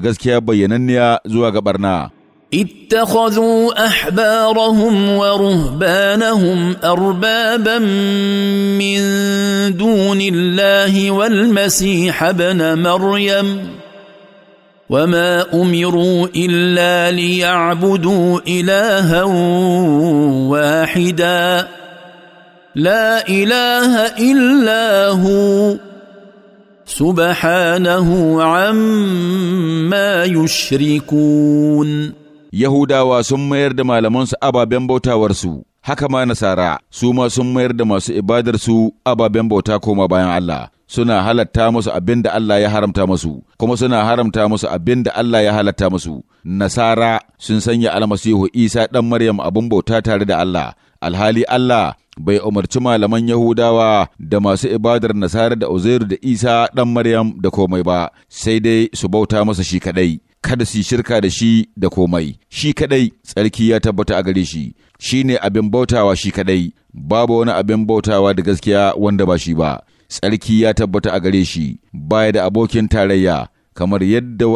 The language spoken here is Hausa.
gaskiya bayyananniya zuwa ga barna. اتخذوا احبارهم ورهبانهم اربابا من دون الله والمسيح ابن مريم وما امروا الا ليعبدوا الها واحدا لا اله الا هو سبحانه عما يشركون Yahudawa sun mayar da malamansu ababen bautawarsu, haka ma Nasara, Suma sun mayar da masu ibadarsu ababen bauta koma bayan Allah, suna halatta musu abinda da Allah ya haramta musu, kuma suna haramta musu abinda Allah ya halatta masu. Nasara sun sanya almasihu Isa ɗan Maryam abin bauta tare da Allah, alhali Allah bai umarci malaman Yahudawa da masu ibadar Nasarar da Uzairu da Isa ɗan Maryam da komai ba, sai dai su bauta masa shi kaɗai. Kada su yi shirka da shi da komai, shi kaɗai tsarki ya tabbata a gare shi, shi ne abin bautawa shi kaɗai, babu wani abin bautawa da gaskiya wanda ba shi ba, tsarki ya tabbata a gare shi, baya da abokin tarayya, kamar yadda